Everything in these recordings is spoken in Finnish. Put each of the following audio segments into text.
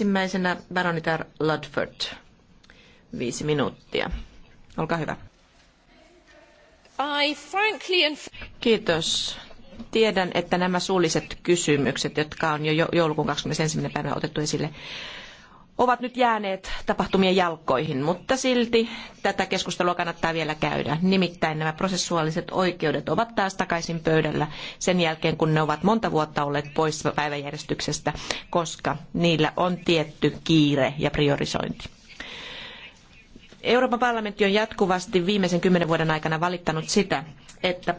Ensimmäisenä baronitar Ludford. Viisi minuuttia. Olkaa hyvä. I frankly and... Kiitos. Tiedän, että nämä suulliset kysymykset, jotka on jo joulukuun 21. päivänä otettu esille, ovat nyt jääneet tapahtumien jalkoihin, mutta silti tätä keskustelua kannattaa vielä käydä. Nimittäin nämä prosessuaaliset oikeudet ovat taas takaisin pöydällä sen jälkeen, kun ne ovat monta vuotta olleet pois päiväjärjestyksestä, koska niillä on tietty kiire ja priorisointi. Euroopan parlamentti on jatkuvasti viimeisen kymmenen vuoden aikana valittanut sitä, että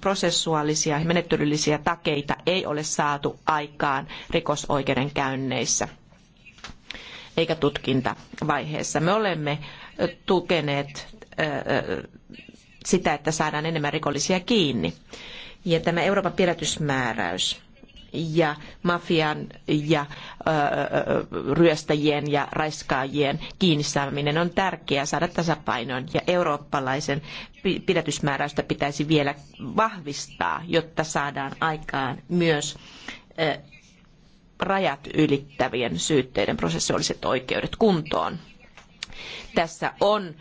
prosessuaalisia ja menettelyllisiä takeita ei ole saatu aikaan rikosoikeudenkäynneissä eikä tutkintavaiheessa. Me olemme tukeneet sitä, että saadaan enemmän rikollisia kiinni. Ja tämä Euroopan pidätysmääräys ja mafian ja ryöstäjien ja raiskaajien kiinni saaminen on tärkeää saada tasapainoon ja eurooppalaisen pidätysmääräystä pitäisi vielä vahvistaa, jotta saadaan aikaan myös rajat ylittävien syytteiden prosessuaaliset oikeudet kuntoon. Tässä on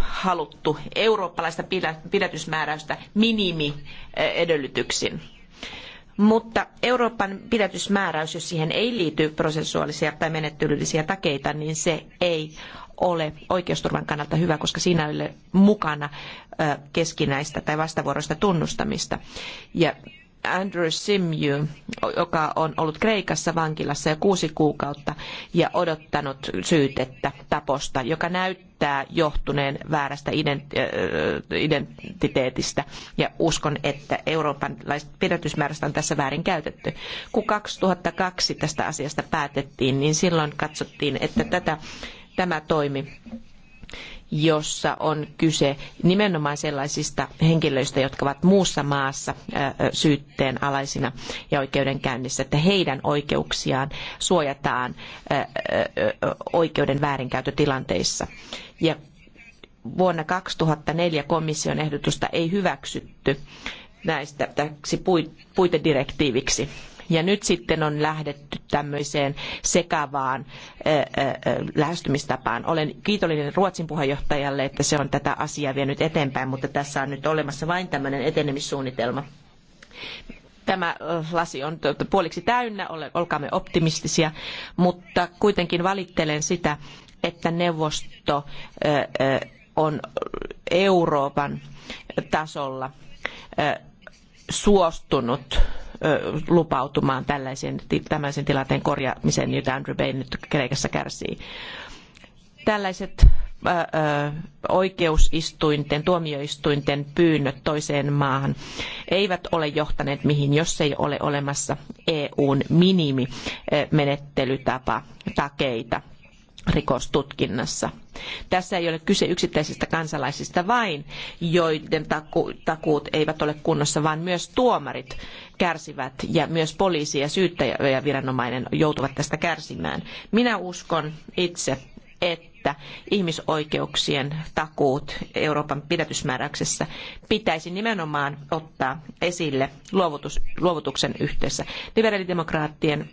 haluttu eurooppalaista pidätysmääräystä minimiedellytyksin. Mutta Euroopan pidätysmääräys, jos siihen ei liity prosessuaalisia tai menettelyllisiä takeita, niin se ei ole oikeusturvan kannalta hyvä, koska siinä ei ole mukana keskinäistä tai vastavuoroista tunnustamista. Ja Andrew Simju, joka on ollut Kreikassa vankilassa jo kuusi kuukautta ja odottanut syytettä taposta, joka näyttää johtuneen väärästä identiteetistä. Ja uskon, että Euroopan pidätysmäärästä on tässä väärin käytetty. Kun 2002 tästä asiasta päätettiin, niin silloin katsottiin, että tätä, tämä toimi jossa on kyse nimenomaan sellaisista henkilöistä, jotka ovat muussa maassa syytteen alaisina ja oikeudenkäynnissä, että heidän oikeuksiaan suojataan oikeuden väärinkäytötilanteissa. Ja vuonna 2004 komission ehdotusta ei hyväksytty näistä täksi puitedirektiiviksi ja nyt sitten on lähdetty tämmöiseen sekavaan lähestymistapaan. Olen kiitollinen Ruotsin puheenjohtajalle, että se on tätä asiaa vienyt eteenpäin, mutta tässä on nyt olemassa vain tämmöinen etenemissuunnitelma tämä lasi on puoliksi täynnä, olkaamme optimistisia, mutta kuitenkin valittelen sitä, että neuvosto on Euroopan tasolla suostunut lupautumaan tällaisen, tämmöisen tilanteen korjaamiseen, jota Andrew Bain nyt Kreikassa kärsii. Tällaiset oikeusistuinten, tuomioistuinten pyynnöt toiseen maahan eivät ole johtaneet mihin, jos ei ole olemassa EUn minimimenettelytapa takeita rikostutkinnassa. Tässä ei ole kyse yksittäisistä kansalaisista vain, joiden takuut eivät ole kunnossa, vaan myös tuomarit kärsivät ja myös poliisi ja syyttäjäviranomainen joutuvat tästä kärsimään. Minä uskon itse, että ihmisoikeuksien takuut Euroopan pidätysmääräyksessä pitäisi nimenomaan ottaa esille luovutus, luovutuksen yhteydessä. Liberaalidemokraattien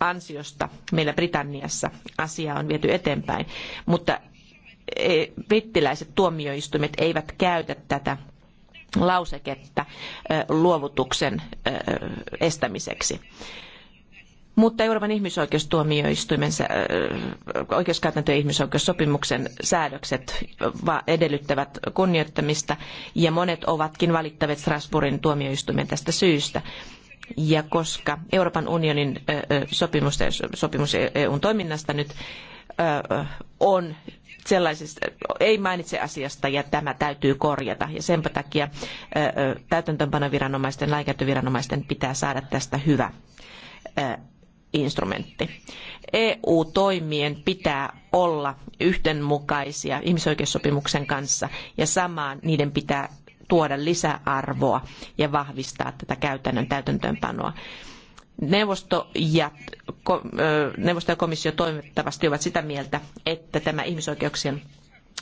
ansiosta meillä Britanniassa asiaa on viety eteenpäin, mutta e, brittiläiset tuomioistuimet eivät käytä tätä lauseketta e, luovutuksen e, estämiseksi. Mutta Euroopan ihmisoikeustuomioistuimen oikeuskäytäntö- ja ihmisoikeussopimuksen säädökset edellyttävät kunnioittamista ja monet ovatkin valittaneet Strasbourgin tuomioistuimen tästä syystä. Ja koska Euroopan unionin sopimus, sopimus EUn e toiminnasta nyt on sellaisista, ei mainitse asiasta ja tämä täytyy korjata. Ja sen takia täytäntöönpanoviranomaisten, lainkäyttöviranomaisten pitää saada tästä hyvä instrumentti. EU-toimien pitää olla yhdenmukaisia ihmisoikeussopimuksen kanssa ja samaan niiden pitää tuoda lisäarvoa ja vahvistaa tätä käytännön täytäntöönpanoa. Neuvosto ja, neuvosto ja komissio toivottavasti ovat sitä mieltä, että tämä ihmisoikeuksien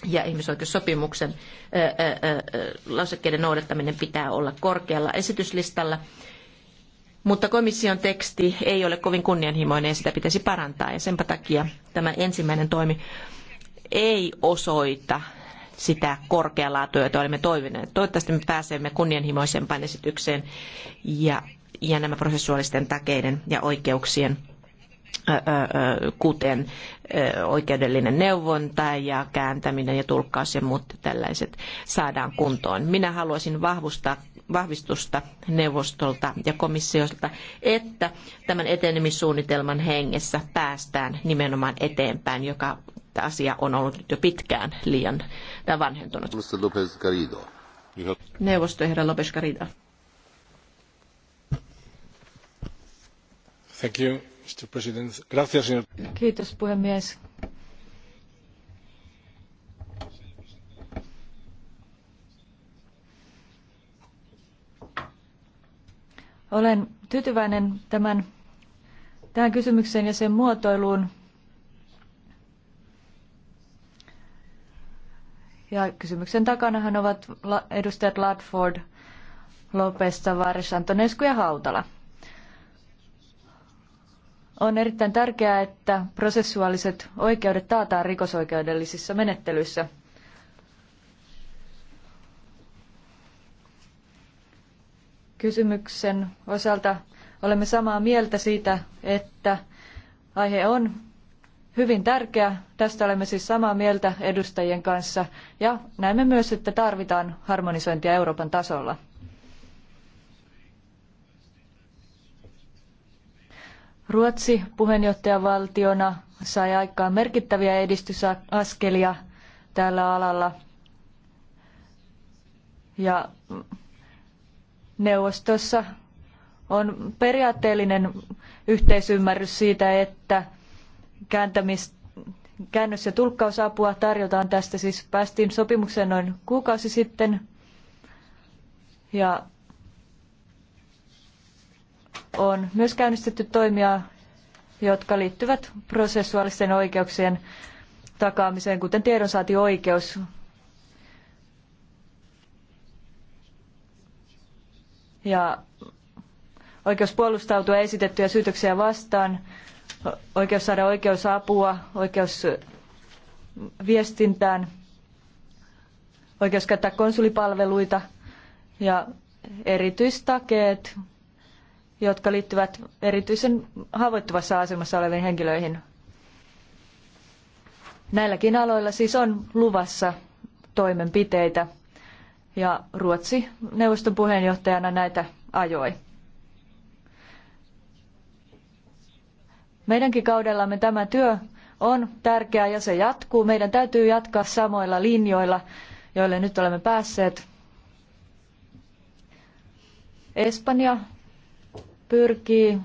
ja ihmisoikeussopimuksen lausekkeiden noudattaminen pitää olla korkealla esityslistalla. Mutta komission teksti ei ole kovin kunnianhimoinen ja sitä pitäisi parantaa. Ja sen takia tämä ensimmäinen toimi ei osoita sitä korkealaa työtä olemme toivoneet. Toivottavasti me pääsemme kunnianhimoisempaan esitykseen ja, ja nämä prosessuaalisten takeiden ja oikeuksien kuten oikeudellinen neuvonta ja kääntäminen ja tulkkaus ja muut tällaiset saadaan kuntoon. Minä haluaisin vahvistusta neuvostolta ja komissiolta, että tämän etenemissuunnitelman hengessä päästään nimenomaan eteenpäin, joka että asia on ollut nyt jo pitkään liian vanhentunut. Lopez Garrido. Neuvosto herra Lopez Garrido. Thank you, Mr. President. Gracias, señor. Kiitos puhemies. Olen tyytyväinen tämän, tähän kysymykseen ja sen muotoiluun. Ja kysymyksen takanahan ovat edustajat Ladford, Lopes, Tavares, Antonescu ja Hautala. On erittäin tärkeää, että prosessuaaliset oikeudet taataan rikosoikeudellisissa menettelyissä. Kysymyksen osalta olemme samaa mieltä siitä, että aihe on hyvin tärkeä. Tästä olemme siis samaa mieltä edustajien kanssa ja näemme myös, että tarvitaan harmonisointia Euroopan tasolla. Ruotsi puheenjohtajavaltiona sai aikaan merkittäviä edistysaskelia tällä alalla. Ja neuvostossa on periaatteellinen yhteisymmärrys siitä, että kääntämistä käännös- ja tulkkausapua tarjotaan tästä. Siis päästiin sopimukseen noin kuukausi sitten. Ja on myös käynnistetty toimia, jotka liittyvät prosessuaalisten oikeuksien takaamiseen, kuten tiedonsaantioikeus. Ja oikeus puolustautua esitettyjä syytöksiä vastaan oikeus saada oikeusapua, oikeus viestintään, oikeus käyttää konsulipalveluita ja erityistakeet, jotka liittyvät erityisen haavoittuvassa asemassa oleviin henkilöihin. Näilläkin aloilla siis on luvassa toimenpiteitä ja Ruotsi neuvoston puheenjohtajana näitä ajoi. Meidänkin kaudellamme tämä työ on tärkeää ja se jatkuu. Meidän täytyy jatkaa samoilla linjoilla, joille nyt olemme päässeet. Espanja pyrkii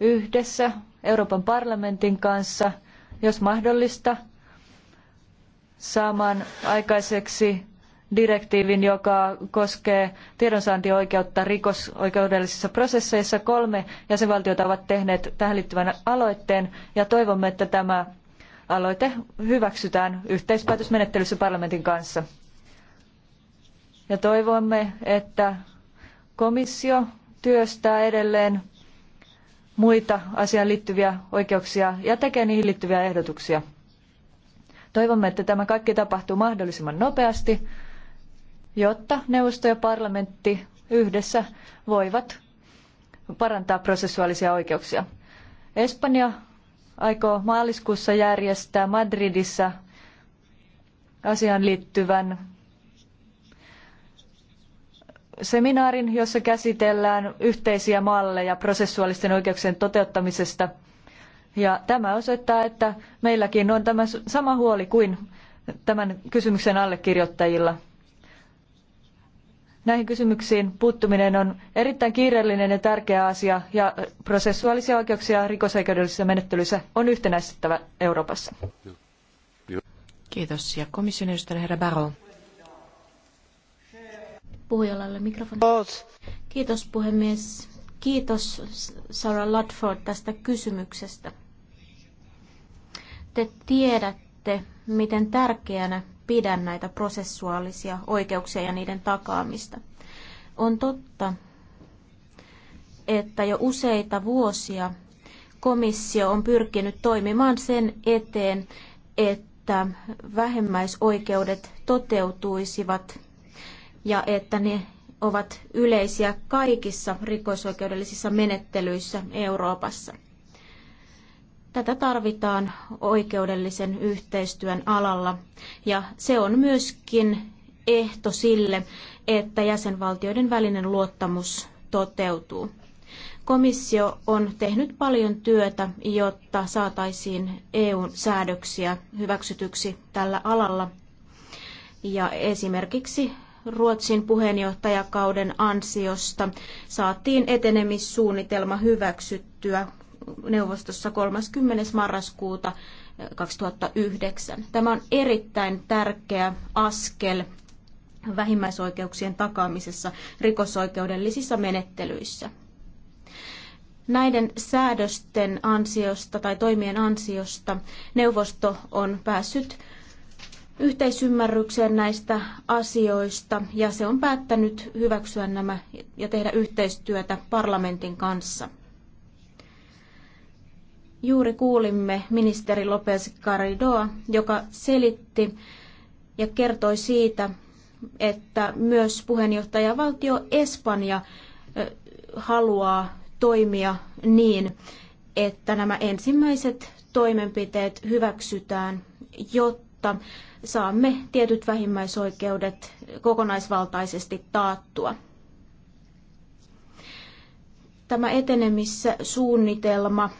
yhdessä Euroopan parlamentin kanssa, jos mahdollista, saamaan aikaiseksi direktiivin, joka koskee tiedonsaantioikeutta rikosoikeudellisissa prosesseissa. Kolme jäsenvaltiota ovat tehneet tähän liittyvän aloitteen ja toivomme, että tämä aloite hyväksytään yhteispäätösmenettelyssä parlamentin kanssa. Ja toivomme, että komissio työstää edelleen muita asiaan liittyviä oikeuksia ja tekee niihin liittyviä ehdotuksia. Toivomme, että tämä kaikki tapahtuu mahdollisimman nopeasti jotta neuvosto ja parlamentti yhdessä voivat parantaa prosessuaalisia oikeuksia. Espanja aikoo maaliskuussa järjestää Madridissa asiaan liittyvän seminaarin, jossa käsitellään yhteisiä malleja prosessuaalisten oikeuksien toteuttamisesta. Ja tämä osoittaa, että meilläkin on tämä sama huoli kuin tämän kysymyksen allekirjoittajilla. Näihin kysymyksiin puuttuminen on erittäin kiireellinen ja tärkeä asia ja prosessuaalisia oikeuksia rikosoikeudellisissa menettelyissä on yhtenäistettävä Euroopassa. Kiitos. Ja komission edustaja herra Barrow. Puhujalalle mikrofoni. Kiitos puhemies. Kiitos Sarah Ludford tästä kysymyksestä. Te tiedätte, miten tärkeänä pidä näitä prosessuaalisia oikeuksia ja niiden takaamista. On totta, että jo useita vuosia komissio on pyrkinyt toimimaan sen eteen, että vähemmäisoikeudet toteutuisivat ja että ne ovat yleisiä kaikissa rikosoikeudellisissa menettelyissä Euroopassa. Tätä tarvitaan oikeudellisen yhteistyön alalla ja se on myöskin ehto sille, että jäsenvaltioiden välinen luottamus toteutuu. Komissio on tehnyt paljon työtä, jotta saataisiin EUn säädöksiä hyväksytyksi tällä alalla. Ja esimerkiksi Ruotsin puheenjohtajakauden ansiosta saatiin etenemissuunnitelma hyväksyttyä neuvostossa 30. marraskuuta 2009. Tämä on erittäin tärkeä askel vähimmäisoikeuksien takaamisessa rikosoikeudellisissa menettelyissä. Näiden säädösten ansiosta tai toimien ansiosta neuvosto on päässyt yhteisymmärrykseen näistä asioista ja se on päättänyt hyväksyä nämä ja tehdä yhteistyötä parlamentin kanssa. Juuri kuulimme ministeri Lopez Garridoa, joka selitti ja kertoi siitä, että myös puheenjohtajavaltio Espanja haluaa toimia niin, että nämä ensimmäiset toimenpiteet hyväksytään, jotta saamme tietyt vähimmäisoikeudet kokonaisvaltaisesti taattua. Tämä etenemissuunnitelma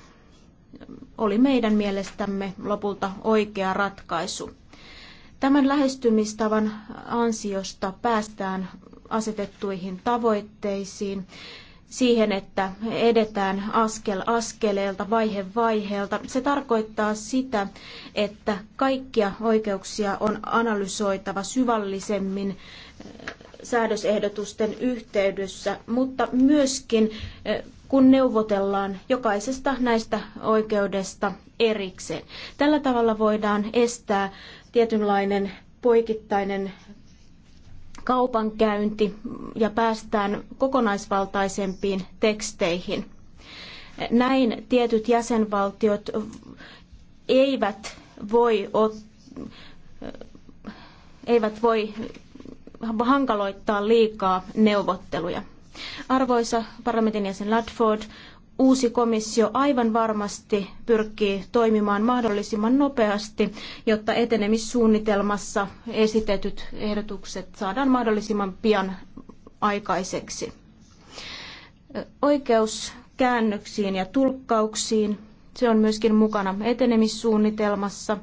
oli meidän mielestämme lopulta oikea ratkaisu. Tämän lähestymistavan ansiosta päästään asetettuihin tavoitteisiin, siihen, että edetään askel askeleelta, vaihe vaiheelta. Se tarkoittaa sitä, että kaikkia oikeuksia on analysoitava syvällisemmin eh, säädösehdotusten yhteydessä, mutta myöskin eh, kun neuvotellaan jokaisesta näistä oikeudesta erikseen. Tällä tavalla voidaan estää tietynlainen poikittainen kaupankäynti ja päästään kokonaisvaltaisempiin teksteihin. Näin tietyt jäsenvaltiot eivät voi, ot, eivät voi hankaloittaa liikaa neuvotteluja. Arvoisa parlamentin jäsen Ladford, uusi komissio aivan varmasti pyrkii toimimaan mahdollisimman nopeasti, jotta etenemissuunnitelmassa esitetyt ehdotukset saadaan mahdollisimman pian aikaiseksi. Oikeus käännöksiin ja tulkkauksiin, se on myöskin mukana etenemissuunnitelmassa,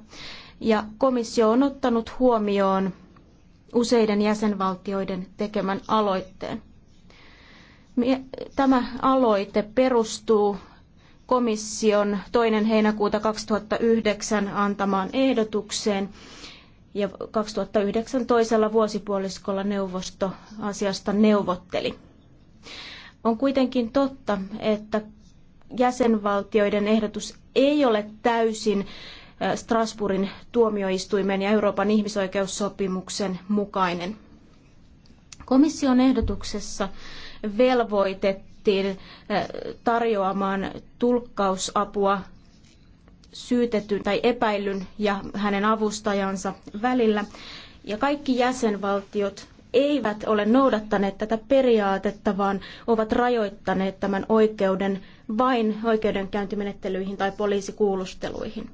ja komissio on ottanut huomioon useiden jäsenvaltioiden tekemän aloitteen. Tämä aloite perustuu komission 2. heinäkuuta 2009 antamaan ehdotukseen ja 2009 toisella vuosipuoliskolla neuvosto asiasta neuvotteli. On kuitenkin totta, että jäsenvaltioiden ehdotus ei ole täysin Strasbourgin tuomioistuimen ja Euroopan ihmisoikeussopimuksen mukainen. Komission ehdotuksessa velvoitettiin eh, tarjoamaan tulkkausapua syytetyn tai epäillyn ja hänen avustajansa välillä. Ja kaikki jäsenvaltiot eivät ole noudattaneet tätä periaatetta, vaan ovat rajoittaneet tämän oikeuden vain oikeudenkäyntimenettelyihin tai poliisikuulusteluihin.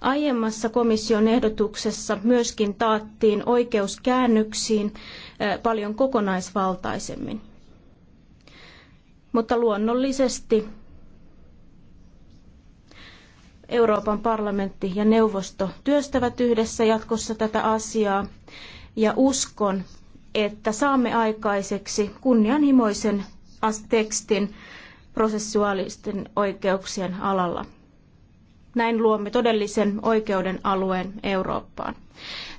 Aiemmassa komission ehdotuksessa myöskin taattiin oikeus käännöksiin paljon kokonaisvaltaisemmin. Mutta luonnollisesti Euroopan parlamentti ja neuvosto työstävät yhdessä jatkossa tätä asiaa ja uskon, että saamme aikaiseksi kunnianhimoisen tekstin prosessuaalisten oikeuksien alalla. Näin luomme todellisen oikeuden alueen Eurooppaan.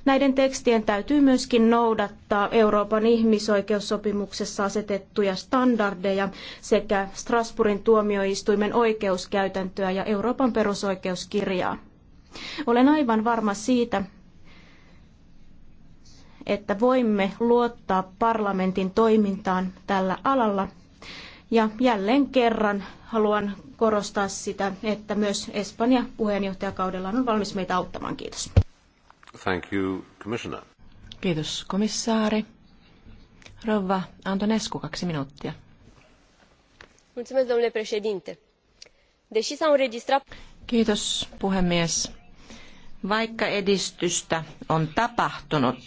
Näiden tekstien täytyy myöskin noudattaa Euroopan ihmisoikeussopimuksessa asetettuja standardeja sekä Strasbourgin tuomioistuimen oikeuskäytäntöä ja Euroopan perusoikeuskirjaa. Olen aivan varma siitä, että voimme luottaa parlamentin toimintaan tällä alalla ja jälleen kerran haluan korostaa sitä, että myös Espanja puheenjohtajakaudellaan on valmis meitä auttamaan. Kiitos. Thank you, Commissioner. Kiitos, komissaari. Rouva Antonescu, kaksi minuuttia. Mulțumesc, domnule președinte. Deși s-au Kiitos, puhemies. Vaikka edistystä on tapahtunut,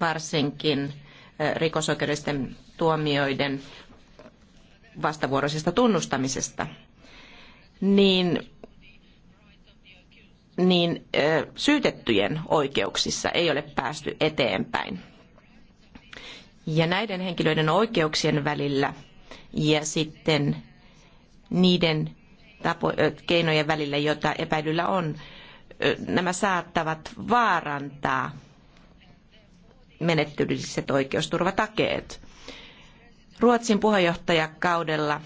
varsinkin eh, rikosoikeudellisten tuomioiden vastavuoroisesta tunnustamisesta, niin, niin syytettyjen oikeuksissa ei ole päästy eteenpäin. Ja näiden henkilöiden oikeuksien välillä ja sitten niiden tapo, keinojen välillä, joita epäilyllä on, nämä saattavat vaarantaa menettelylliset oikeusturvatakeet. Ruotsin puheenjohtajakaudella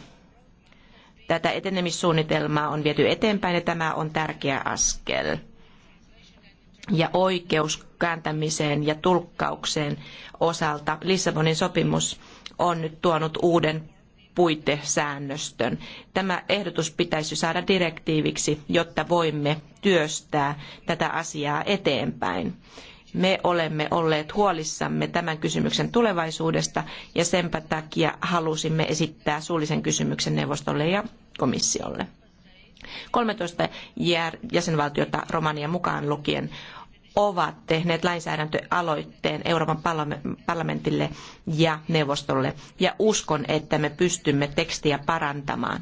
tätä etenemissuunnitelmaa on viety eteenpäin ja tämä on tärkeä askel. Ja oikeus kääntämiseen ja tulkkaukseen osalta Lissabonin sopimus on nyt tuonut uuden puitesäännöstön. Tämä ehdotus pitäisi saada direktiiviksi, jotta voimme työstää tätä asiaa eteenpäin me olemme olleet huolissamme tämän kysymyksen tulevaisuudesta ja senpä takia halusimme esittää suullisen kysymyksen neuvostolle ja komissiolle. 13 jäsenvaltiota Romania mukaan lukien ovat tehneet lainsäädäntöaloitteen Euroopan parlamentille ja neuvostolle ja uskon, että me pystymme tekstiä parantamaan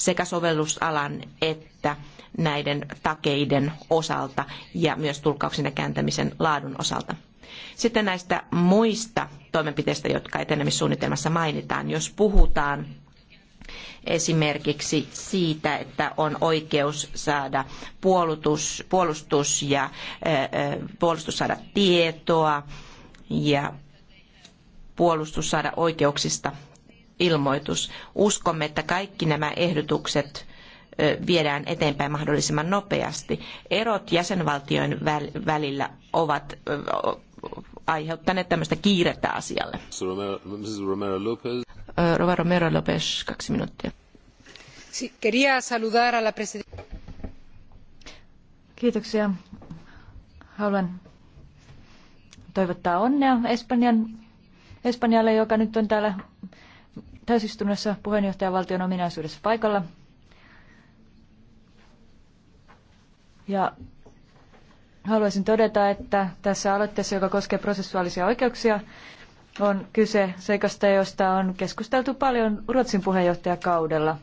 sekä sovellusalan että näiden takeiden osalta ja myös tulkkauksen ja kääntämisen laadun osalta. Sitten näistä muista toimenpiteistä, jotka etenemissuunnitelmassa mainitaan, jos puhutaan esimerkiksi siitä, että on oikeus saada puolustus, puolustus ja puolustus saada tietoa ja puolustus saada oikeuksista ilmoitus. Uskomme, että kaikki nämä ehdotukset viedään eteenpäin mahdollisimman nopeasti. Erot jäsenvaltioiden välillä ovat aiheuttaneet tämmöistä kiirettä asialle. Rova Romero Lopez, kaksi minuuttia. Quería saludar a la Kiitoksia. Haluan toivottaa onnea Espanjan, Espanjalle, joka nyt on täällä täysistunnossa puheenjohtajavaltion ominaisuudessa paikalla. Ja haluaisin todeta, että tässä aloitteessa, joka koskee prosessuaalisia oikeuksia, on kyse seikasta, josta on keskusteltu paljon Ruotsin puheenjohtajakaudella.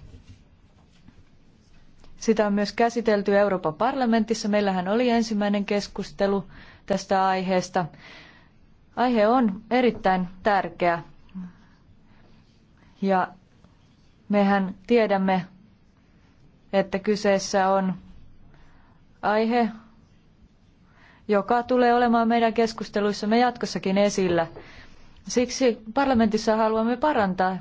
Sitä on myös käsitelty Euroopan parlamentissa. Meillähän oli ensimmäinen keskustelu tästä aiheesta. Aihe on erittäin tärkeä ja mehän tiedämme, että kyseessä on aihe, joka tulee olemaan meidän keskusteluissamme jatkossakin esillä. Siksi parlamentissa haluamme parantaa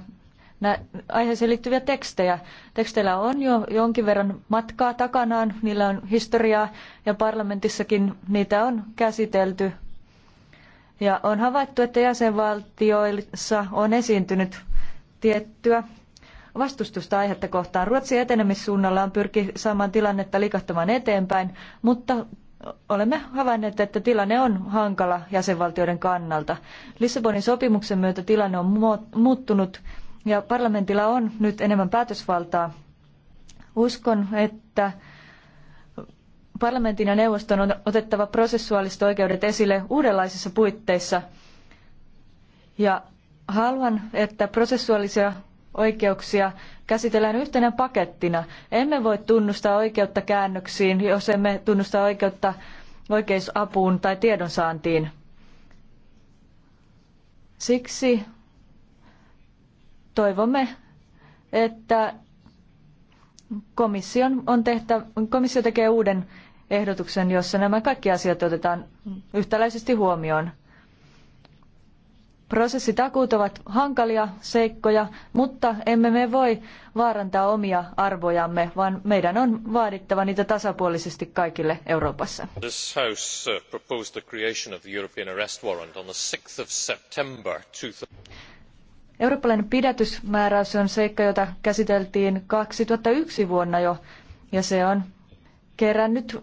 aiheeseen liittyviä tekstejä. Teksteillä on jo jonkin verran matkaa takanaan, niillä on historiaa ja parlamentissakin niitä on käsitelty. Ja on havaittu, että jäsenvaltioissa on esiintynyt tiettyä vastustusta aihetta kohtaan. Ruotsi etenemissuunnallaan pyrki saamaan tilannetta liikahtamaan eteenpäin, mutta olemme havainneet, että tilanne on hankala jäsenvaltioiden kannalta. Lissabonin sopimuksen myötä tilanne on muuttunut ja parlamentilla on nyt enemmän päätösvaltaa. Uskon, että parlamentin ja neuvoston on otettava prosessuaaliset oikeudet esille uudenlaisissa puitteissa ja Haluan, että prosessuaalisia oikeuksia käsitellään yhtenä pakettina. Emme voi tunnustaa oikeutta käännöksiin, jos emme tunnusta oikeutta oikeusapuun tai tiedonsaantiin. Siksi toivomme, että komission on tehtä, komissio tekee uuden ehdotuksen, jossa nämä kaikki asiat otetaan yhtäläisesti huomioon. Prosessitakuut ovat hankalia seikkoja, mutta emme me voi vaarantaa omia arvojamme, vaan meidän on vaadittava niitä tasapuolisesti kaikille Euroopassa. This house uh, proposed the creation of the European arrest warrant on the 6th of September 2000. Eurooppalainen pidätysmääräys on seikka, jota käsiteltiin 2001 vuonna jo, ja se on kerännyt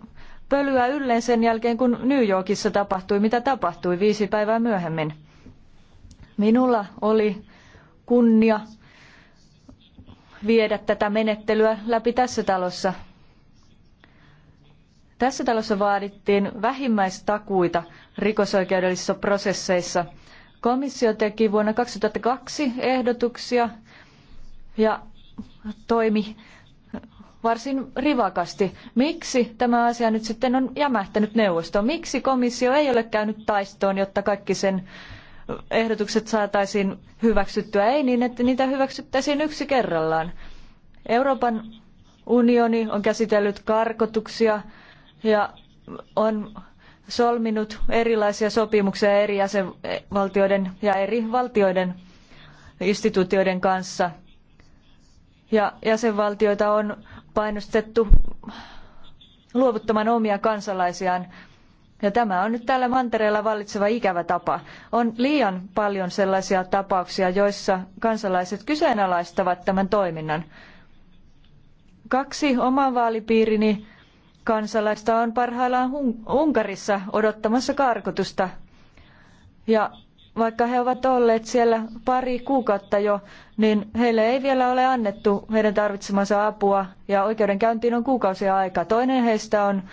pölyä ylleen sen jälkeen, kun New Yorkissa tapahtui, mitä tapahtui viisi päivää myöhemmin. Minulla oli kunnia viedä tätä menettelyä läpi tässä talossa. Tässä talossa vaadittiin vähimmäistakuita rikosoikeudellisissa prosesseissa. Komissio teki vuonna 2002 ehdotuksia ja toimi varsin rivakasti. Miksi tämä asia nyt sitten on jämähtänyt neuvostoon? Miksi komissio ei ole käynyt taistoon, jotta kaikki sen ehdotukset saataisiin hyväksyttyä. Ei niin, että niitä hyväksyttäisiin yksi kerrallaan. Euroopan unioni on käsitellyt karkotuksia ja on solminut erilaisia sopimuksia eri jäsenvaltioiden ja eri valtioiden instituutioiden kanssa. Ja jäsenvaltioita on painostettu luovuttamaan omia kansalaisiaan ja tämä on nyt täällä mantereella vallitseva ikävä tapa. On liian paljon sellaisia tapauksia, joissa kansalaiset kyseenalaistavat tämän toiminnan. Kaksi oman vaalipiirini kansalaista on parhaillaan Unkarissa odottamassa karkotusta. Ja vaikka he ovat olleet siellä pari kuukautta jo, niin heille ei vielä ole annettu heidän tarvitsemansa apua ja oikeudenkäyntiin on kuukausia aikaa. Toinen heistä on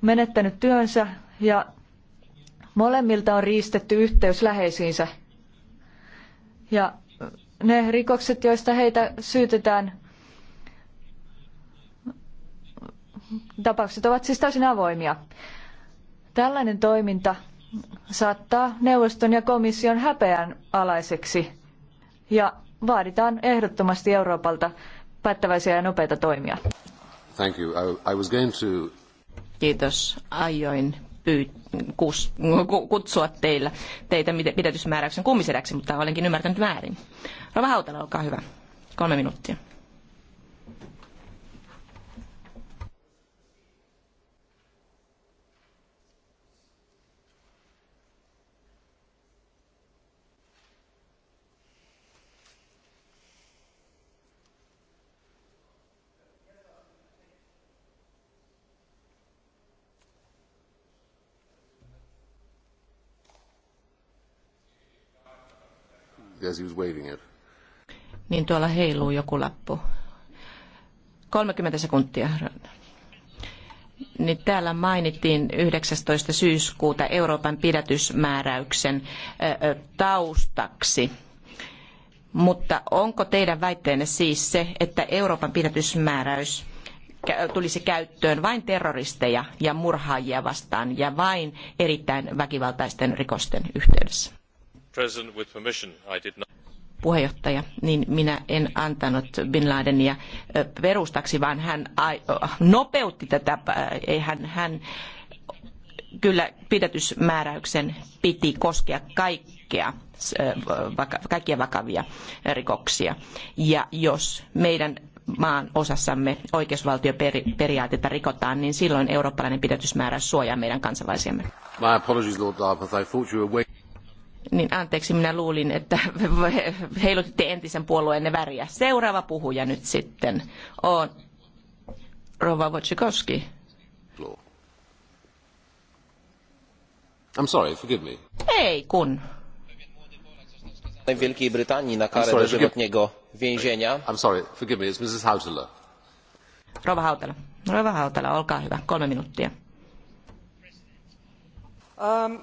menettänyt työnsä ja molemmilta on riistetty yhteys läheisiinsä. Ja ne rikokset, joista heitä syytetään, tapaukset ovat siis täysin avoimia. Tällainen toiminta saattaa neuvoston ja komission häpeän alaiseksi ja vaaditaan ehdottomasti Euroopalta päättäväisiä ja nopeita toimia. Thank you. I, I was going to... Kiitos. Aioin kutsua teillä, teitä pidätysmääräyksen kummisedäksi, mutta olenkin ymmärtänyt väärin. Rova Hautala, olkaa hyvä. Kolme minuuttia. as he was waving it. Niin tuolla heiluu joku lappu. 30 sekuntia. Niin täällä mainittiin 19. syyskuuta Euroopan pidätysmääräyksen taustaksi. Mutta onko teidän väitteenne siis se, että Euroopan pidätysmääräys tulisi käyttöön vain terroristeja ja murhaajia vastaan ja vain erittäin väkivaltaisten rikosten yhteydessä? Puheenjohtaja, niin minä en antanut Bin Ladenia perustaksi, vaan hän nopeutti tätä, ei hän kyllä pidätysmääräyksen piti koskea kaikkea, kaikkia vakavia rikoksia. Ja jos meidän maan osassamme oikeusvaltioperiaatetta rikotaan, niin silloin eurooppalainen pidätysmääräys suojaa meidän kansalaisiamme. Niin anteeksi, minä luulin, että heilutitte entisen puolueenne väriä. Seuraava puhuja nyt sitten on Rova Wojcikowski. I'm sorry, forgive me. Ei kun. W Wielkiej Brytanii na karę dożywotniego więzienia. I'm sorry, forgive me, it's Mrs. Hautala. Rova Hautala. Rova Hautala, olkaa hyvä, kolme minuuttia. Um,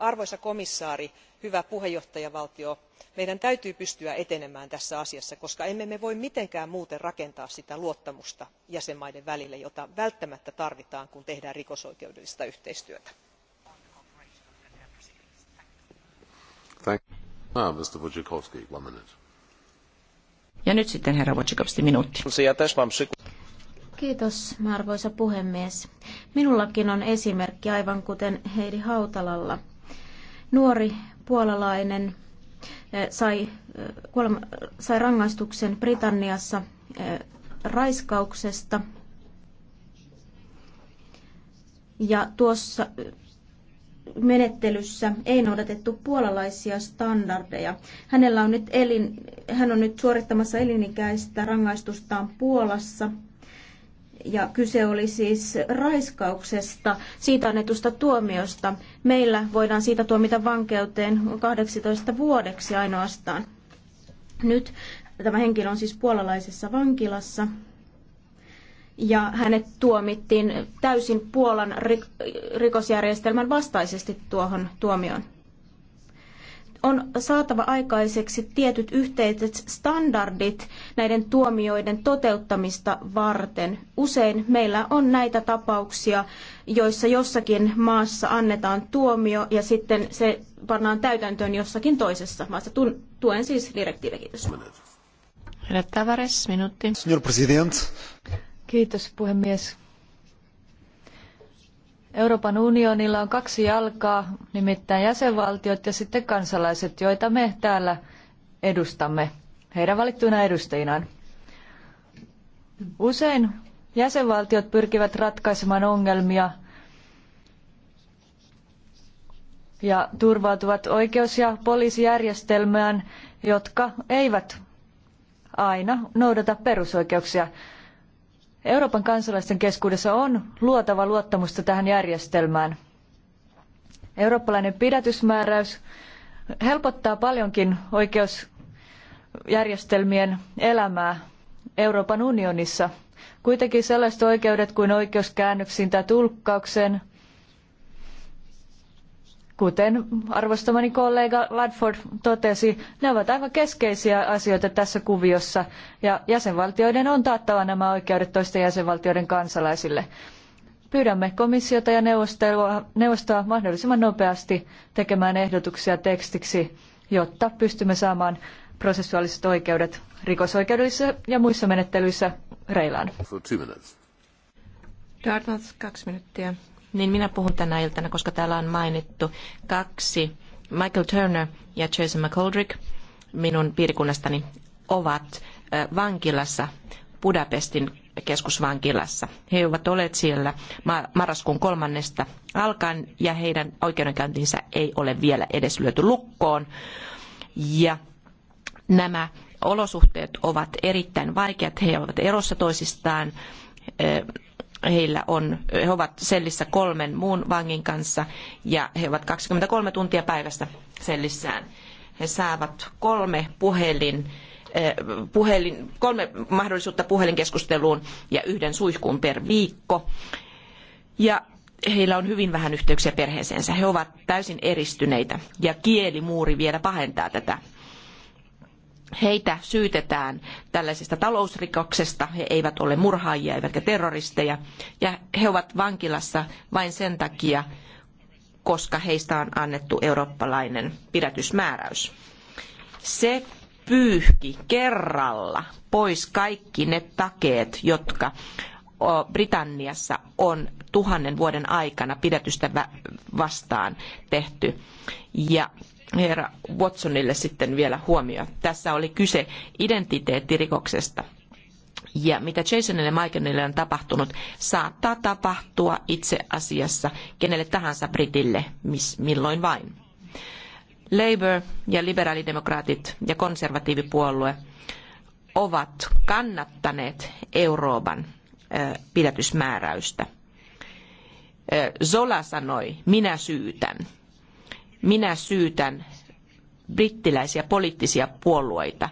arvoisa komissaari hyvä puheenjohtajavaltio meidän täytyy pystyä etenemään tässä asiassa koska emme me voi mitenkään muuten rakentaa sitä luottamusta jäsenvaltioiden välille jota välttämättä tarvitaan kun tehdään rikosoikeudellista yhteistyötä. Ah, ja nyt sitten Kiitos, arvoisa puhemies. Minullakin on esimerkki aivan kuten Heidi Hautalalla. Nuori puolalainen eh, sai, eh, kuolema, sai rangaistuksen Britanniassa eh, raiskauksesta. Ja tuossa menettelyssä ei noudatettu puolalaisia standardeja. Hänellä on nyt elin, hän on nyt suorittamassa elinikäistä rangaistustaan Puolassa – ja kyse oli siis raiskauksesta, siitä annetusta tuomiosta. Meillä voidaan siitä tuomita vankeuteen 18 vuodeksi ainoastaan. Nyt tämä henkilö on siis puolalaisessa vankilassa ja hänet tuomittiin täysin Puolan rikosjärjestelmän vastaisesti tuohon tuomioon on saatava aikaiseksi tietyt yhteiset standardit näiden tuomioiden toteuttamista varten. Usein meillä on näitä tapauksia, joissa jossakin maassa annetaan tuomio ja sitten se pannaan täytäntöön jossakin toisessa maassa. Tuen siis direktiivi, Herra Tavares, minuutti. Kiitos puhemies. Euroopan unionilla on kaksi jalkaa, nimittäin jäsenvaltiot ja sitten kansalaiset, joita me täällä edustamme, heidän valittuina edustajinaan. Usein jäsenvaltiot pyrkivät ratkaisemaan ongelmia ja turvautuvat oikeus- ja poliisijärjestelmään, jotka eivät aina noudata perusoikeuksia. Euroopan kansalaisten keskuudessa on luotava luottamusta tähän järjestelmään. Eurooppalainen pidätysmääräys helpottaa paljonkin oikeusjärjestelmien elämää Euroopan unionissa. Kuitenkin sellaiset oikeudet kuin oikeus käännöksiin tai tulkkaukseen – Kuten arvostamani kollega Ladford totesi, ne ovat aivan keskeisiä asioita tässä kuviossa ja jäsenvaltioiden on taattava nämä oikeudet toisten jäsenvaltioiden kansalaisille. Pyydämme komissiota ja neuvostoa mahdollisimman nopeasti tekemään ehdotuksia tekstiksi, jotta pystymme saamaan prosessuaaliset oikeudet rikosoikeudellisissa ja muissa menettelyissä reilaan. Dartmouth, kaksi minuuttia niin minä puhun tänä iltana, koska täällä on mainittu kaksi, Michael Turner ja Jason McColdrick minun piirikunnastani ovat vankilassa Budapestin keskusvankilassa. He ovat olleet siellä marraskuun kolmannesta alkaen ja heidän oikeudenkäyntinsä ei ole vielä edes lyöty lukkoon. Ja nämä olosuhteet ovat erittäin vaikeat. He ovat erossa toisistaan heillä on, he ovat sellissä kolmen muun vangin kanssa ja he ovat 23 tuntia päivästä sellissään. He saavat kolme puhelin, eh, puhelin, kolme mahdollisuutta puhelinkeskusteluun ja yhden suihkuun per viikko. Ja heillä on hyvin vähän yhteyksiä perheeseensä. He ovat täysin eristyneitä ja kielimuuri vielä pahentaa tätä heitä syytetään tällaisesta talousrikoksesta. He eivät ole murhaajia eivätkä terroristeja ja he ovat vankilassa vain sen takia, koska heistä on annettu eurooppalainen pidätysmääräys. Se pyyhki kerralla pois kaikki ne takeet, jotka Britanniassa on tuhannen vuoden aikana pidätystä vastaan tehty. Ja herra Watsonille sitten vielä huomio. Tässä oli kyse identiteettirikoksesta. Ja mitä Jasonille ja Michaelille on tapahtunut, saattaa tapahtua itse asiassa kenelle tahansa Britille, miss, milloin vain. Labour ja liberaalidemokraatit ja konservatiivipuolue ovat kannattaneet Euroopan pidätysmääräystä. Zola sanoi, minä syytän minä syytän brittiläisiä poliittisia puolueita,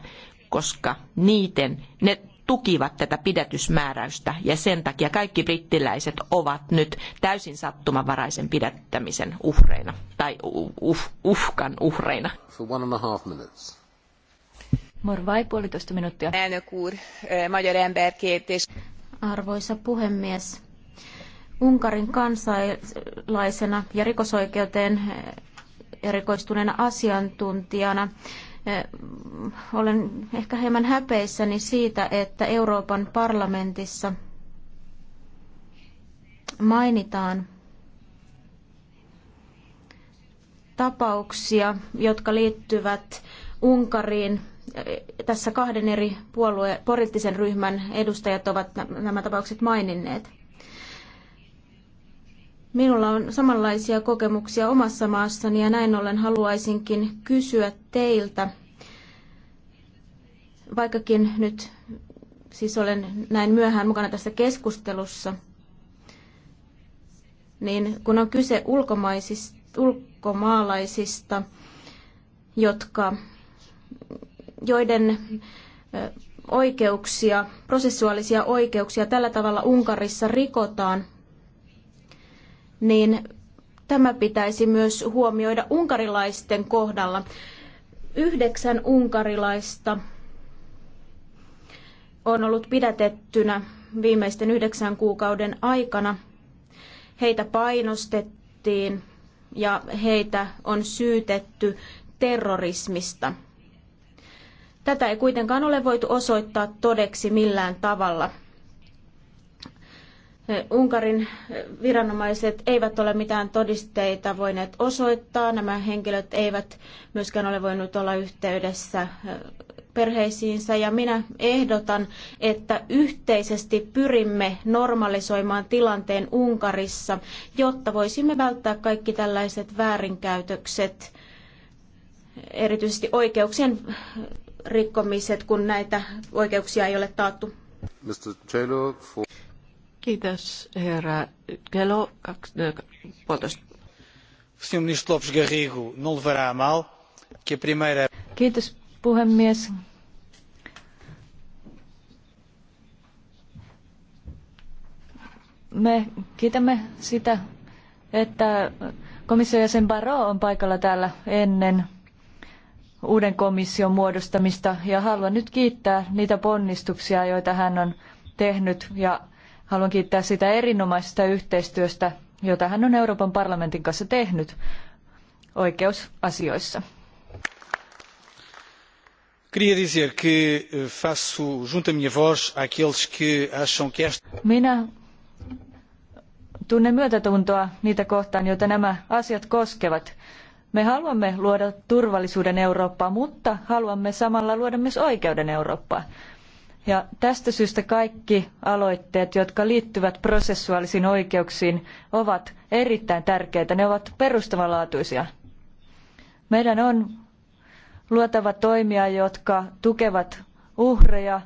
koska niiden, ne tukivat tätä pidätysmääräystä ja sen takia kaikki brittiläiset ovat nyt täysin sattumanvaraisen pidättämisen uhreina tai uh, uhkan uhreina. For one puolitoista minuuttia. Arvoisa puhemies, Unkarin kansalaisena ja rikosoikeuteen erikoistuneena asiantuntijana eh, olen ehkä hieman häpeissäni siitä, että Euroopan parlamentissa mainitaan tapauksia, jotka liittyvät Unkariin. Eh, tässä kahden eri puolue, poliittisen ryhmän edustajat ovat nämä tapaukset maininneet. Minulla on samanlaisia kokemuksia omassa maassani ja näin ollen haluaisinkin kysyä teiltä, vaikkakin nyt siis olen näin myöhään mukana tässä keskustelussa, niin kun on kyse ulkomaisista, ulkomaalaisista, jotka, joiden oikeuksia, prosessuaalisia oikeuksia tällä tavalla Unkarissa rikotaan, niin tämä pitäisi myös huomioida unkarilaisten kohdalla. Yhdeksän unkarilaista on ollut pidätettynä viimeisten yhdeksän kuukauden aikana. Heitä painostettiin ja heitä on syytetty terrorismista. Tätä ei kuitenkaan ole voitu osoittaa todeksi millään tavalla. Unkarin viranomaiset eivät ole mitään todisteita voineet osoittaa. Nämä henkilöt eivät myöskään ole voineet olla yhteydessä perheisiinsä ja minä ehdotan, että yhteisesti pyrimme normalisoimaan tilanteen Unkarissa, jotta voisimme välttää kaikki tällaiset väärinkäytökset, erityisesti oikeuksien rikkomiset, kun näitä oikeuksia ei ole taattu. Mr. for... Kiitos, herra Kelo. Senhor Ministro Lopes Garrigo, não levará a mal que a primeira... Kiitos, puhemies. Me kiitämme sitä, että komission jäsen Barrot on paikalla täällä ennen uuden komission muodostamista ja haluan nyt kiittää niitä ponnistuksia, joita hän on tehnyt ja Haluan kiittää sitä erinomaisesta yhteistyöstä, jota hän on Euroopan parlamentin kanssa tehnyt oikeusasioissa. Queria dizer que eh, faço junto minha voz àqueles que acham que esta... Minä tunnen myötätuntoa niitä kohtaan, joita nämä asiat koskevat. Me haluamme luoda turvallisuuden Eurooppaa, mutta haluamme samalla luoda myös oikeuden Eurooppaa. Ja tästä syystä kaikki aloitteet, jotka liittyvät prosessuaalisiin oikeuksiin, ovat erittäin tärkeitä. Ne ovat perustavanlaatuisia. Meidän on luotava toimia, jotka tukevat uhreja,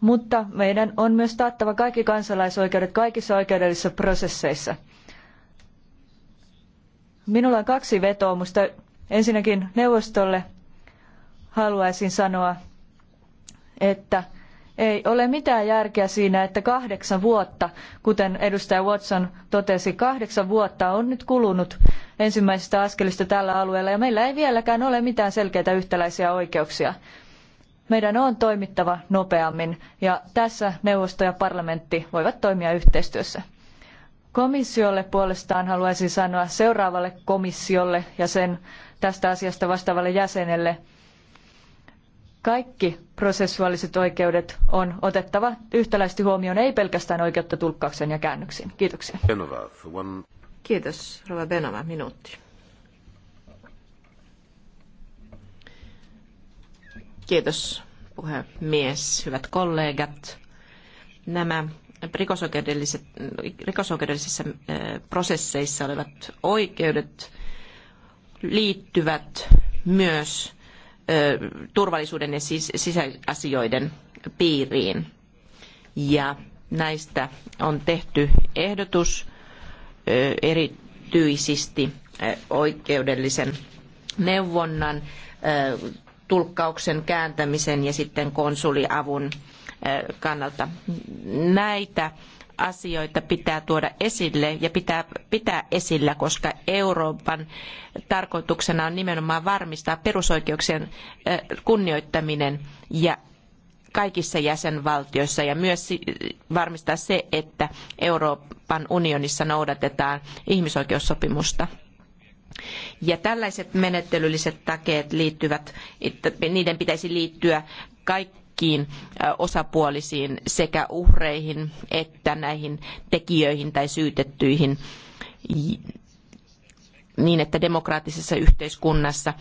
mutta meidän on myös taattava kaikki kansalaisoikeudet kaikissa oikeudellisissa prosesseissa. Minulla on kaksi vetoomusta. Ensinnäkin neuvostolle haluaisin sanoa, että ei ole mitään järkeä siinä, että kahdeksan vuotta, kuten edustaja Watson totesi, kahdeksan vuotta on nyt kulunut ensimmäisistä askelista tällä alueella ja meillä ei vieläkään ole mitään selkeitä yhtäläisiä oikeuksia. Meidän on toimittava nopeammin ja tässä neuvosto ja parlamentti voivat toimia yhteistyössä. Komissiolle puolestaan haluaisin sanoa seuraavalle komissiolle ja sen tästä asiasta vastaavalle jäsenelle – kaikki prosessuaaliset oikeudet on otettava yhtäläisesti huomioon, ei pelkästään oikeutta tulkkaukseen ja käännöksiin. Kiitoksia. Benova, one... Kiitos, Rova Benova, minuutti. Kiitos, puhemies, hyvät kollegat. Nämä rikosoikeudelliset, rikosoikeudellisissa eh, prosesseissa olevat oikeudet liittyvät myös turvallisuuden ja sisäasioiden piiriin. Ja näistä on tehty ehdotus erityisesti oikeudellisen neuvonnan, tulkkauksen, kääntämisen ja sitten konsuliavun kannalta. Näitä asioita pitää tuoda esille ja pitää pitää esillä, koska Euroopan tarkoituksena on nimenomaan varmistaa perusoikeuksien kunnioittaminen ja kaikissa jäsenvaltioissa ja myös varmistaa se, että Euroopan unionissa noudatetaan ihmisoikeussopimusta. Ja tällaiset menettelylliset takeet liittyvät, niiden pitäisi liittyä kaikkiin kaikkiin osapuolisiin sekä uhreihin että näihin tekijöihin tai syytettyihin niin, että demokraattisessa yhteiskunnassa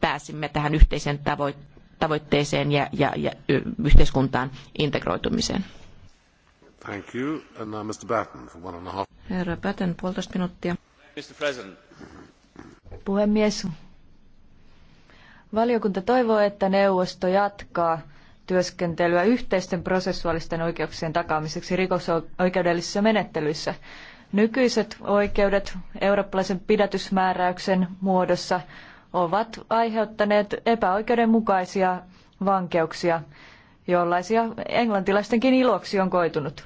pääsimme tähän yhteiseen tavoitteeseen ja, ja, ja yhteiskuntaan integroitumiseen. Thank you. And now Mr. Batten for one and a half. Herra Batten, puolitoista minuuttia. Mr. President. Puhemies, valiokunta toivoo, että neuvosto jatkaa työskentelyä yhteisten prosessuaalisten oikeuksien takaamiseksi rikosoikeudellisissa menettelyissä. Nykyiset oikeudet eurooppalaisen pidätysmääräyksen muodossa ovat aiheuttaneet epäoikeudenmukaisia vankeuksia, jollaisia englantilaistenkin iloksi on koitunut.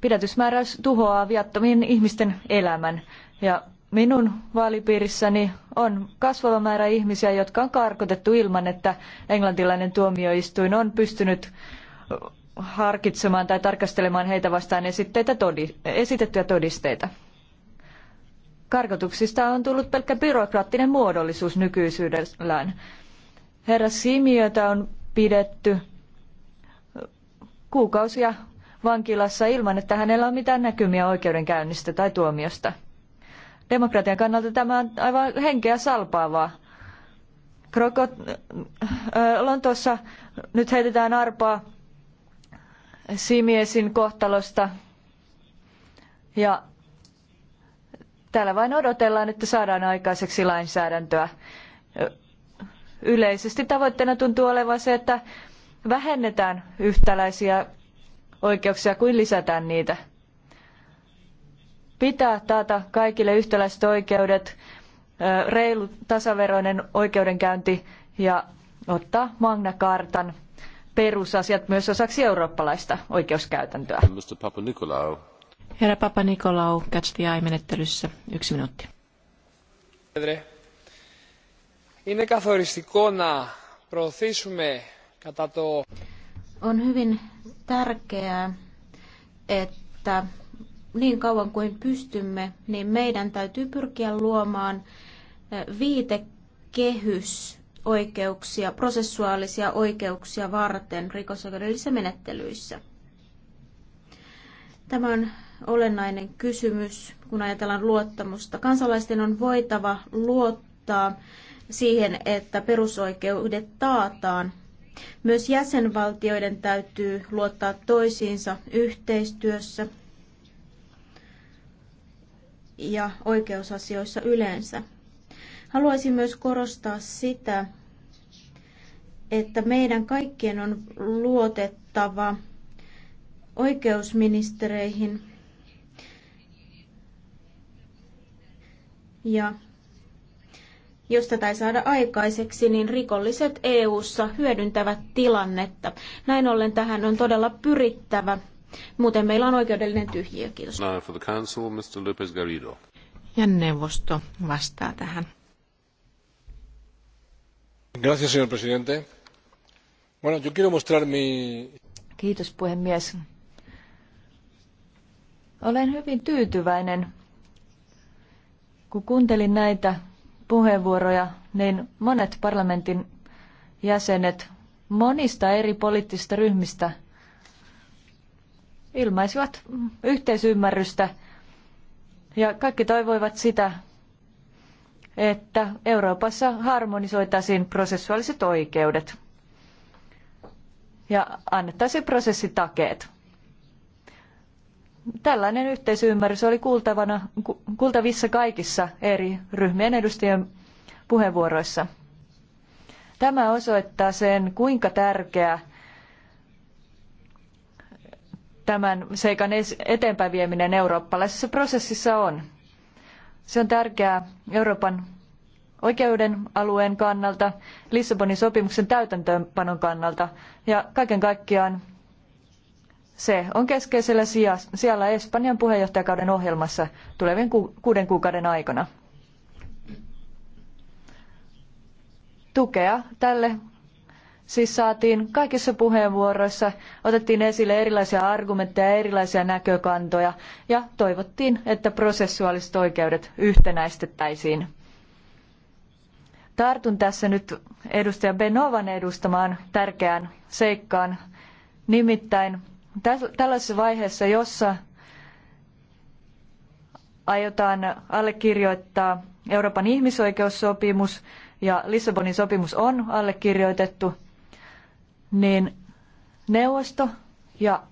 Pidätysmääräys tuhoaa viattomien ihmisten elämän ja minun vaalipiirissäni on kasvava määrä ihmisiä, jotka on karkotettu ilman, että englantilainen tuomioistuin on pystynyt harkitsemaan tai tarkastelemaan heitä vastaan todi esitettyjä todisteita. Karkotuksista on tullut pelkkä byrokraattinen muodollisuus nykyisyydellään. Herra Simiötä on pidetty kuukausia vankilassa ilman, että hänellä on mitään näkymiä oikeudenkäynnistä tai tuomiosta. Demokratian kannalta tämä on aivan henkeä salpaavaa. Krokot- Lontoossa nyt heitetään arpaa Simiesin kohtalosta ja täällä vain odotellaan, että saadaan aikaiseksi lainsäädäntöä. Yleisesti tavoitteena tuntuu olevan se, että vähennetään yhtäläisiä oikeuksia kuin lisätään niitä. Pitää taata kaikille yhtäläiset oikeudet, reilu tasaveroinen oikeudenkäynti ja ottaa Magna Kartan perusasiat myös osaksi eurooppalaista oikeuskäytäntöä. Mr. Papa Nicolau. Herra Papa Nikolau, catch the eye menettelyssä. Yksi minuutti. Είναι καθοριστικό να προωθήσουμε κατά το... On hyvin tärkeää, että niin kauan kuin pystymme, niin meidän täytyy pyrkiä luomaan viitekehys oikeuksia, prosessuaalisia oikeuksia varten rikosoikeudellisissa menettelyissä. Tämä on olennainen kysymys, kun ajatellaan luottamusta. Kansalaisten on voitava luottaa siihen, että perusoikeudet taataan. Myös jäsenvaltioiden täytyy luottaa toisiinsa yhteistyössä ja oikeusasioissa yleensä. Haluaisin myös korostaa sitä, että meidän kaikkien on luotettava oikeusministereihin ja jos tätä ei saada aikaiseksi, niin rikolliset EU:ssa hyödyntävät tilannetta. Näin ollen tähän on todella pyrittävä Muuten meillä on oikeudellinen tyhjiö. Kiitos. For the council, Mr. Garrido. Ja neuvosto vastaa tähän. Gracias, señor presidente. Bueno, yo quiero mostrar mi... Kiitos, puhemies. Olen hyvin tyytyväinen. Kun kuuntelin näitä puheenvuoroja, niin monet parlamentin jäsenet monista eri poliittisista ryhmistä ilmaisivat yhteisymmärrystä ja kaikki toivoivat sitä, että Euroopassa harmonisoitaisiin prosessuaaliset oikeudet ja annettaisiin prosessitakeet. Tällainen yhteisymmärrys oli kuultavana, kuultavissa kaikissa eri ryhmien edustajien puheenvuoroissa. Tämä osoittaa sen, kuinka tärkeää tämän seikan eteenpäinvieminen eurooppalaisessa prosessissa on. Se on tärkeää Euroopan oikeuden alueen kannalta, Lissabonin sopimuksen täytäntöönpanon kannalta ja kaiken kaikkiaan se on keskeisellä sijalla Espanjan puheenjohtajakauden ohjelmassa tulevien kuuden kuukauden aikana. Tukea tälle siis saatiin kaikissa puheenvuoroissa, otettiin esille erilaisia argumentteja, erilaisia näkökantoja ja toivottiin, että prosessuaaliset oikeudet yhtenäistettäisiin. Tartun tässä nyt edustaja Benovan edustamaan tärkeään seikkaan, nimittäin tällaisessa vaiheessa, jossa aiotaan allekirjoittaa Euroopan ihmisoikeussopimus ja Lissabonin sopimus on allekirjoitettu – niin neuvosto ja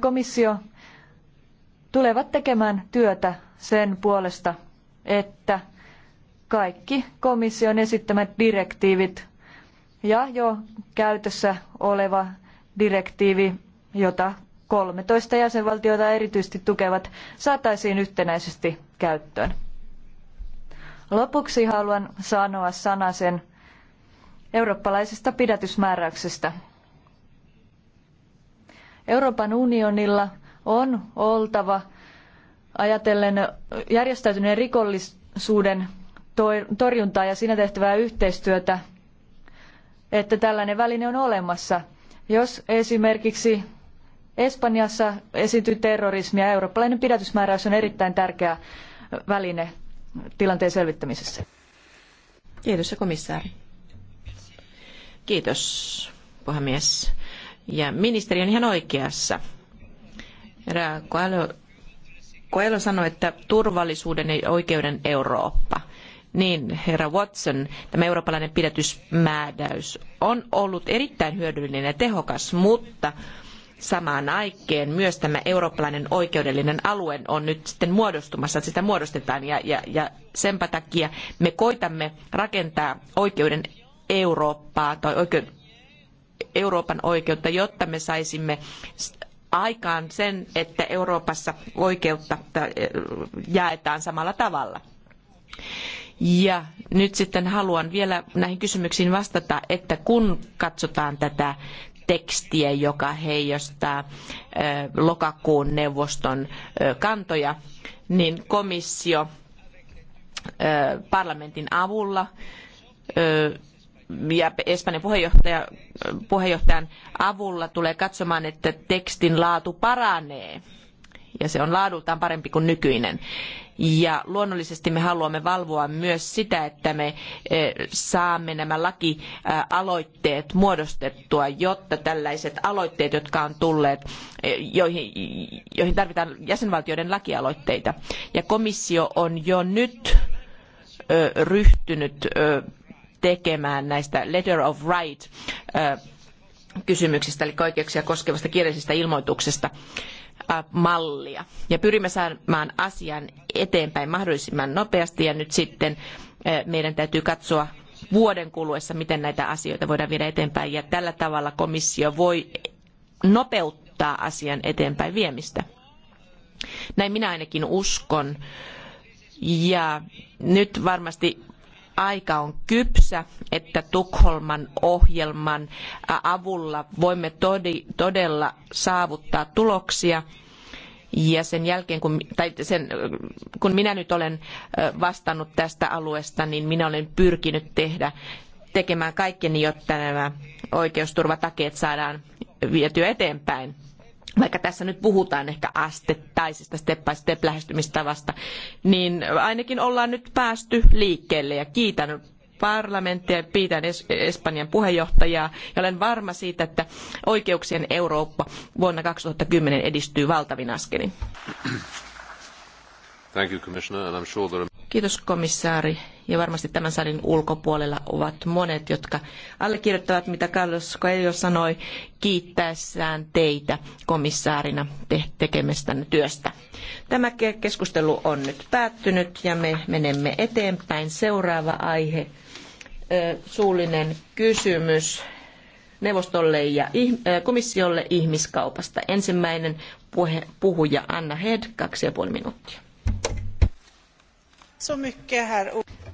komissio, tulevat tekemään työtä sen puolesta, että kaikki komission esittämät direktiivit ja jo käytössä oleva direktiivi, jota 13 jäsenvaltiota erityisesti tukevat, saataisiin yhtenäisesti käyttöön. Lopuksi haluan sanoa sanasen eurooppalaisesta pidätysmääräyksestä. Euroopan unionilla on oltava ajatellen järjestäytyneen rikollisuuden torjuntaa ja siinä tehtävää yhteistyötä, että tällainen väline on olemassa. Jos esimerkiksi Espanjassa esiintyy terrorismia, eurooppalainen pidätysmääräys on erittäin tärkeä väline tilanteen selvittämisessä. Kiitos komissaari. Kiitos, puhemies. Ja ministeri on ihan oikeassa. Herra Koelo, Koelo sanoi, että turvallisuuden ja oikeuden Eurooppa. Niin, herra Watson, tämä eurooppalainen pidätysmääräys on ollut erittäin hyödyllinen ja tehokas, mutta samaan aikaan myös tämä eurooppalainen oikeudellinen alue on nyt sitten muodostumassa, että sitä muodostetaan ja, ja, ja senpä takia me koitamme rakentaa oikeuden Eurooppaa tai Euroopan oikeutta, jotta me saisimme aikaan sen, että Euroopassa oikeutta eh, jaetaan samalla tavalla. Ja nyt sitten haluan vielä näihin kysymyksiin vastata, että kun katsotaan tätä tekstiä, joka heijastaa eh, lokakuun neuvoston eh, kantoja, niin komissio parlamentin avulla ja Espanjan puheenjohtaja, puheenjohtajan avulla tulee katsomaan, että tekstin laatu paranee ja se on laadultaan parempi kuin nykyinen. Ja luonnollisesti me haluamme valvoa myös sitä, että me eh, saamme nämä lakialoitteet muodostettua, jotta tällaiset aloitteet, jotka on tulleet, eh, joihin, joihin tarvitaan jäsenvaltioiden lakialoitteita. Ja komissio on jo nyt eh, ryhtynyt tekemään näistä letter of right kysymyksistä, eli oikeuksia koskevasta kirjallisesta ilmoituksesta mallia. Ja pyrimme saamaan asian eteenpäin mahdollisimman nopeasti ja nyt sitten meidän täytyy katsoa vuoden kuluessa, miten näitä asioita voidaan viedä eteenpäin. Ja tällä tavalla komissio voi nopeuttaa asian eteenpäin viemistä. Näin minä ainakin uskon. Ja nyt varmasti aika on kypsä, että Tukholman ohjelman avulla voimme todella saavuttaa tuloksia. Ja sen jälkeen, kun, tai sen, kun minä nyt olen vastannut tästä alueesta, niin minä olen pyrkinyt tehdä, tekemään kaikkeni, jotta nämä oikeusturvatakeet saadaan vietyä eteenpäin vaikka tässä nyt puhutaan ehkä astettaisesta step by step lähestymistavasta, niin ainakin ollaan nyt päästy liikkeelle ja kiitän parlamenttia ja kiitän Espanjan puheenjohtajaa ja olen varma siitä, että oikeuksien Eurooppa vuonna 2010 edistyy valtavin askelin. Kiitos komissaari ja varmasti tämän salin ulkopuolella ovat monet, jotka allekirjoittavat, mitä Carlos Coelho sanoi, kiittäessään teitä komissaarina te- työstä. Tämä keskustelu on nyt päättynyt ja me menemme eteenpäin. Seuraava aihe, suullinen kysymys neuvostolle ja komissiolle ihmiskaupasta. Ensimmäinen puhe, puhuja Anna Hed, kaksi ja puoli minuuttia.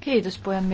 Kiitos puhemies.